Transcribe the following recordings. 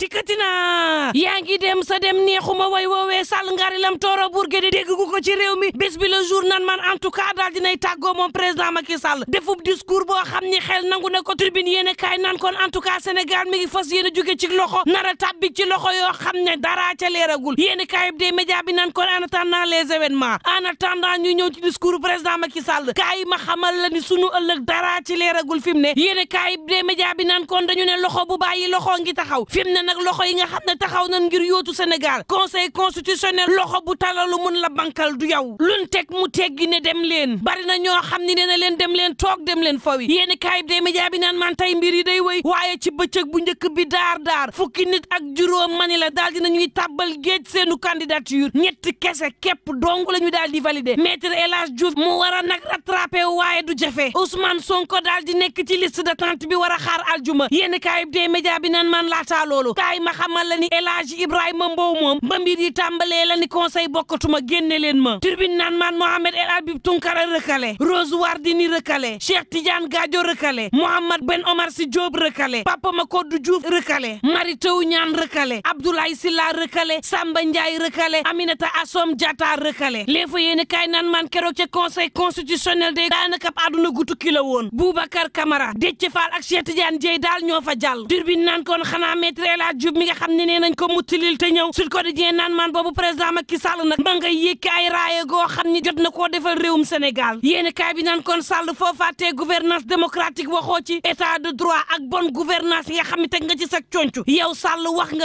dikkati naa yaa ngi dem sa dem neexuma way woowee sàll ngari lam tooro burge di dégg gu ci réew mi bés bi la jour nan man en tout cas daal dinay tàggoo moom président Macky Sall defub discours boo xam ni xel nangu na ko tribune yéen a kaay nan kon en tout mi ngi fas yéen a jóge ci loxo nara tàbbi ci loxo yoo xam ne dara ca leeragul yéen a kaay des médias bi nan kon en ñu Sall ma xamal la ni sunu dara ci leeragul fi mu ne yéen a kaay des médias nan kon dañu ne loxo bu bàyyi loxo ngi taxaw fi ne nag loxo yi nga xam ne taxaw na ngir yootu Sénégal conseil constitutionnel loxo bu talalu mën la bankal du yow luñ teg mu teggi ne dem leen bari na ñoo xam ni nee na leen dem leen toog dem leen fawi yéeni kaayib day média bi naan man tey mbir yi day wéy waaye ci bëccëg bu njëkk bi daar daar fukki nit ak juróom mani la daal dina ñuy tàbbal géej seenu candidature ñetti kese képp dong la ñu daal di valider maître El Hadj Diouf mu war a nag rattrapé waaye du jafe Ousmane Sonko daal di nekk ci liste d'attente bi war a xaar aljuma yéeni kaayib day média bi naan man laataa loolu kaay ma xamal la ni El Hadj Ibrahima moom ba mbir yi tàmbalee la ni conseil bokkatuma génne leen ma turbine naan maan Mohamed El Habib Tunkara rëkkale Rose Wardini rëkkale Cheikh Tidiane Gadio rëkkale Mohamed Ben Omar Sy Diop rëkkale Papa Makodou Diouf rëkkale Mary Teuw Niane rëkkale Abdoulaye Sylla rëkkale Samba Ndiaye rëkkale Aminata Assom Diatta rëkkale léefa yéene kaay naan maan keroog ca conseil daanaka àdduna gu tukki la woon Abdoulaye Diop mi nga xam ne nee nañ ko muttilil te ñëw Sud Quotidien naan maan boobu président Macky Sall nga na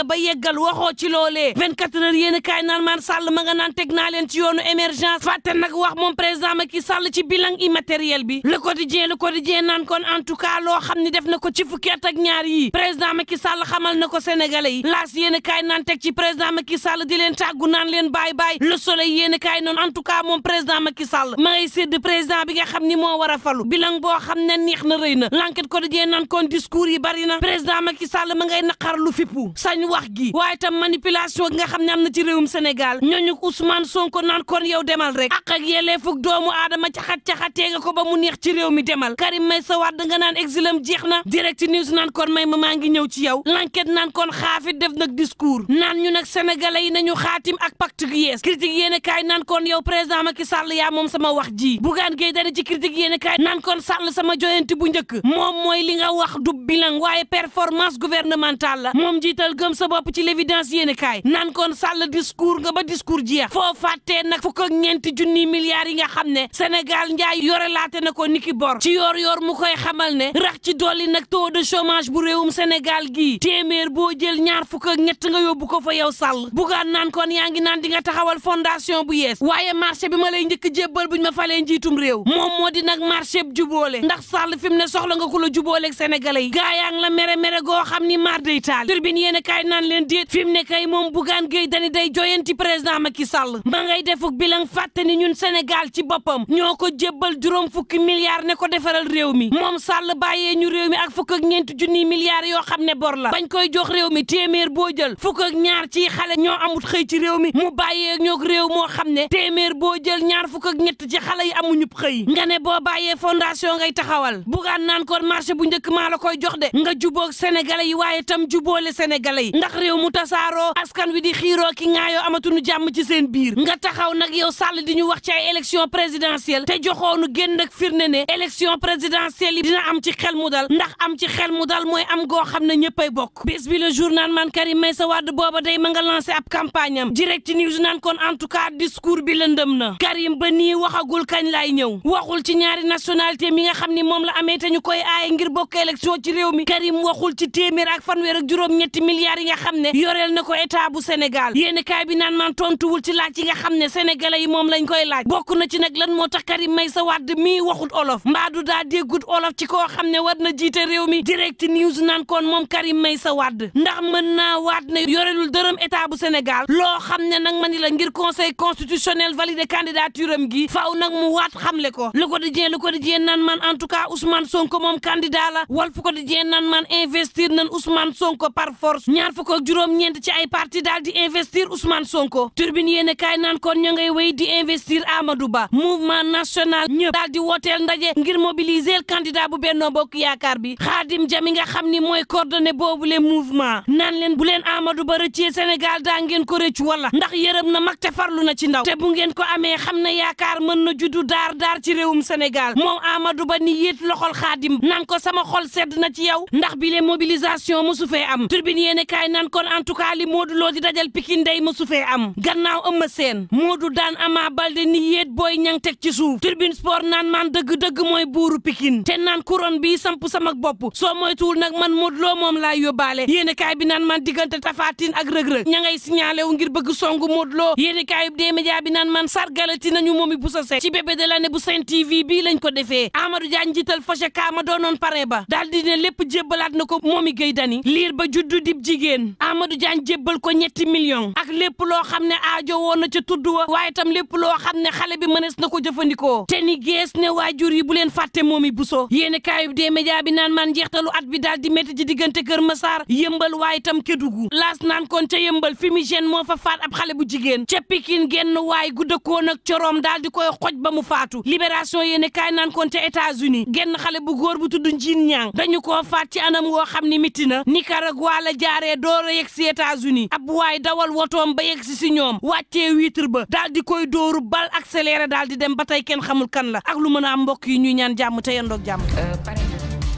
ba yeggal waxoo ci loolee 24 heures yéeni maan Sall ma nga naan teg naa leen ci yoonu émergence fàtte nag wax moom président Macky Sall ci bilan immatériel bi le quotidien le quotidien naan kon en tout xam ne def na ko ci fukki at ak ñaar yi président Macky Sall xamal na ko sénégalais yi laas yéen kaay naan teg ci président moom président Macky Sall ma ngay sédd bi nga ni moo war a falu bilang boo xam ne neex na rëy na l'enquête ko dajee naan kon discours yi bari na président Macky Sall ma ngay naqar lu fippu sañ wax gi waaye tam manipulation gi nga xam ne am na ci réewum Sénégal ñooñu Ousmane Sonko demal rek ak ak yelleefug doomu aadama caxat caxatee nga ko ba mu neex ci réew mi demal Karim Meïssa Wade nga naan exilam jeex na direct news naan kon may ma maa ngi ñëw ci yaw kon xaafit def nag discours naan ñu nag sénégalais yi nañu xaatim ak pacte gu yees critique yéen kaay naan kon yow président Macky Sall yaa moom sama wax ji Bougane Gueye Dany ci critique yéen kaay naan kon Sall sama joyanti bu njëkk moom mooy li nga wax du bilan waaye performance gouvernementale la moom jiital gëm sa bopp ci l'évidence yéen kaay naan kon Sall discours nga ba discours jeex foo fàttee nag fukk ak ñeenti junniy milliards yi nga xam ne Sénégal njaay yore laate na ko niki bor ci yoor yoor mu koy xamal ne rax ci dolli nag taux de chômage bu réewum Sénégal boo jël ñaar fukk ak ñett nga yóbbu ko fa yow sàll bugaan naan kon yaa ngi naan di nga taxawal fondation bu yees waaye marché bi ma lay njëkk jébbal buñ ma falee njiitum réew moom moo di nag marché bi jubóole ndax sall fi mu ne soxla nga ko la jubóoleeg sénégalais yi gaa yaa ngi la mere mere goo xam ni maar day taal turbine yéen a kaay naan leen déet fi mu ne kay moom bugaan géey dani day joyanti président ki Sall ma ngay defuk bilan fàtte ni ñun senegal ci boppam ñoo ko jébbal juróom fukki milliards ne ko defaral réew mi moom sàll bàyyee ñu réew mi ak fukk ak ñeent junniy yoo xam ne bor la bañ koy réew mi téeméer boo jël fukk ñaar ci xale ñoo amut xëy ci réew mi mu bàyyee ñoog réew moo xam ne téeméer boo jël ñaar fukk ñett ci xale yi amuñu xëy nga boo bàyyee fondation ngay taxawal bugaan naan kon marché bu njëkk maa la koy jox de nga jubóog sénégal yi waaye tam jubóole sénégalais yi ndax réew mu tasaaroo askan wi di xiiroo ki ŋaayoo amatuñu jàmm ci seen biir nga taxaw nag yow sàll di ñu wax ci ay élection présidentielle te joxoonu génn ak firnde ne élection présidentielle yi dina am ci xel mu dal ndax am ci xel mu dal mooy am goo xam ne ñëppay bokk bis le jour naan man Karim Meïssa wadd booba day ma nga lancé ab campagne am direct news naan kon en tout cas bi lëndëm na Karim ba nii waxagul kañ laay ñëw waxul ci ñaari nationalité mi nga xam ni moom la amee te koy aaye ngir bokk élection ci réew mi Karim waxul ci téeméer ak fanweer ak juróom-ñetti milliards yi nga xam ne yoreel na ko état bu Sénégal yéen kaay bi naan ci laaj yi nga xam ne sénégalais yi moom lañ koy laaj bokk na ci nag lan moo tax Karim Meïssa Wade mii waxut olof mbaa du daa déggut olof ci koo xam ne war na jiite réew mi direct news naan kon moom Karim Meïssa Wade ndax mën naa waat ne yorelul dërëm état bu Sénégal loo xam ne nag ma ni la ngir conseil constitutionnel validé candidature am gi faaw nag mu waat xamle ko Le ko Le Quotidien nan man en tout cas Ousmane Sonko moom candidat la Walf Quotidien nan man investir nan Ousmane Sonko par force ñaar fu ak juróom-ñeent ci ay parti daal di investir Ousmane Sonko Tribune yéen kaay naan kon ña ngay wéy di investir Amadou Ba mouvement national ñëpp daal di wooteel ndaje ngir mobiliser candidat bu Benno Bokk Yaakaar bi Khadim ni mooy mouvement naan leen bu leen Amadou Ba rëccee Sénégal daa ngeen ko rëcc wala ndax yërëm na mag te farlu na ci ndaw te bu ngeen ko amee xam ne yaakaar mën na juddu daar daar ci réewum Sénégal moom Amadou Ba ni yéet loxol xaadim naan ko sama xol sedd na ci yaw ndax bile mobilisation mosu fee am turbine yéene kaay naan kon en tout li Modou Lo di dajal Pikine day mosu fee am gannaaw ëmma seen Modou daan Ama Baldé ni yéet booy ñang ci suuf turbine sport naan man dëgg-dëgg mooy buuru Pikine bi samp sama bopp soo yéenekaay bi naan man diggante tafaatin ak rëg-rëg ña ngay signalé wu ngir bëgg songu Modou Lo yéenekaay bi des média bi naan man sargalati nañu moom bu sa se ci bébé de l'année bu Sen TV bii lañ ko defee Amadou Diagne jiital fashe kaama noon pare ba daal di ne lépp jébbalaat na ko moom i géy dani liir ba juddu dib jigéen Amadou Diagne jébbal ko ñetti million ak lépp loo xam ne aajo woon na ca tudd wa waaye tam lépp loo xam ne xale bi mënees na ko jëfandikoo te ni gees ne waajur yi bu leen fàtte moomi buso yéenekaay bi des média bi naan man njeextalu at bi daal di métti ci diggante Kër Massar yëmba yëmbal waaye tam Kédougou laas naan kon ca yëmbal fumigène moo fa faat ab xale bu jigéen ca Pikine genn waay gu dëkkoon ak coroom daal di koy xoj ba mu faatu libération yéene kaay naan kon ca États-Unis genn xale bu góor bu tudd Njiin Ñaang dañu koo faat ci anam woo xam ni miti na Nicaragua waala jaaree door a yegg si états ab waay dawal wotoom ba yegg si si ñoom wàccee witre ba daal di koy dóoru bal accéléré daal di dem ba tey kenn xamul kan la ak lu mën a mbokk yi ñuy ñaan jàmm te yendoog jàmm euh,